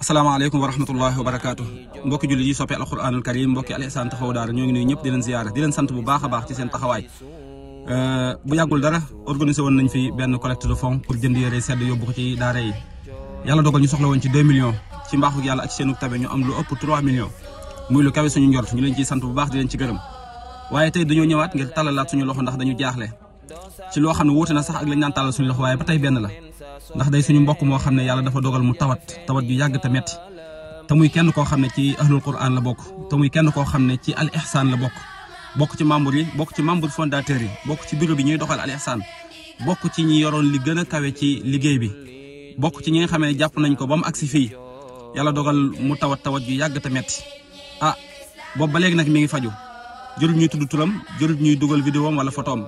asalaamaaleykum wa rahmatullahi wa barakaatu mbokki julli yi soppe alquranul karim mbokki al ihsan daara ñoo ngi nuyu ñëpp di leen ziyaara di leen sant bu baax a baax ci seen taxawaay euh, bu yàggul dara organisé woon nañ fi benn collecte de fonds pour jënd yére sedd yóbbu ko ci daara yi yàlla dogal ñu soxla woon ci 2 ci mbaaxu yàlla ak seenu tabe ñu am lu ëpp 3 millions muy lu kawe suñu njort ñu leen ciy sant bu baax di leen ci gërëm waaye tey dañoo ñëwaat ngir tàllalaat suñu loxo ndax dañu jaaxle ci loo xam na sax ak ba tey la ndax day suñu mbokk moo xam ne yàlla dafa dogal mu tawat tawat ju yàgg te metti te muy kenn koo xam ne ci ahlul quran la bokk te muy kenn koo xam ne ci al ihsan la bokk bokk ci membre yi bokk ci membre fondateur yi bokk ci bureau bi ñuy doxal al ihsan bokk ci ñi yoroon li gën a kawe ci liggéey bi bokk ci ñi nga xam jàpp nañ ko ba mu agsi fii yàlla dogal mu tawat tawat ju yàgg te metti ah boobu ba léegi nag mi ngi faju jërul ñuy tudd turam jërul ñuy dugal vidéo am wala photo am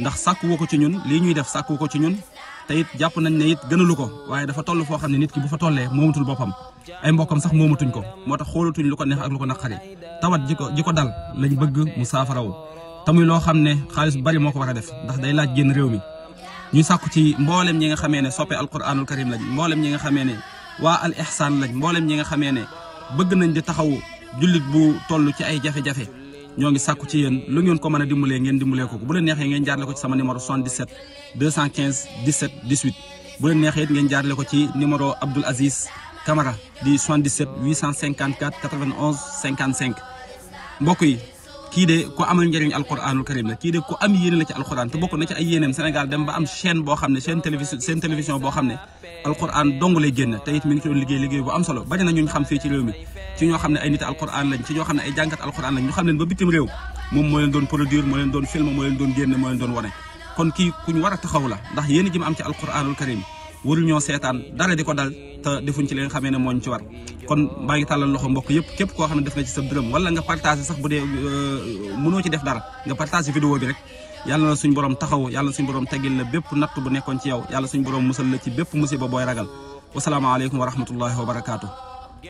ndax sàkk ci ñun lii ñuy def sàkk ko ci ñun te it jàpp nañ ne it gënalu ko waaye dafa toll foo xam ne nit ki bu fa tollee moomatul boppam ay mbokkam sax moomatuñ ko moo tax xoolatuñ lu ko neex ak lu ko naqari tawat ji ko ji ko dal lañ bëgg mu saafarawu te muy loo xam ne xaalis bu bari moo ko war a def ndax day laaj génn réew mi ñu sàkku ci mboolem ñi nga xamee ne soppe alquranul karim lañ mboolem ñi nga xamee ne waa al ihsaan lañ mboolem ñi nga xamee ne bëgg nañ di taxaw jullit bu toll ci ay jafe ñoo ngi sàkku ci yéen lu ngeen ko mën a dimbalee ngeen dimbalee ko bu leen neexee ngeen jaarale ko ci sama numéro 77 215 17 18 bu leen neexee it ngeen jaarale ko ci numéro Abdoul Aziz Camara di mbokk yi. kide de ku amal njëriñ alquranul karim la kide de ku am yene la ci alquran te bokku na ci ay yéeneem Sénégal dem ba am chaîne bo xamne chaîne télévision seen télévision bo xamne alquran dong lay génn te it mi ngi ci doon liggey liggéey bu am solo bañ na ñuñ xam fi ci rew mi ci ño xamne ay nit alquran lañ ci ño xamne ay jàngat alquran lañ ñu xamne ba bitim rew mom mo leen doon produire mo leen doon film mo leen doon genn mo leen doon woné kon ki ku ñu wara taxaw la ndax yene gi mu am ci alquranul karim warul ñoo seetaan dara di ko dal te defuñ ci li nga xamee ne mooñ ci war kon maa ngi tàllal loxo mbokk yëpp képp koo xam ne def nga ci sa dërëm wala nga partagé sax bu dee euh, mënoo ci def dara nga partagé vidéo bi rek yàlla suñu suñ borom taxaw yàlla na suñ borom teggil la bépp natt bu nekkoon ci yow yàlla suñ borom musal la ci bépp musiba booy ragal wasalaamaaleykum wa rahmatullahi wa barakaatu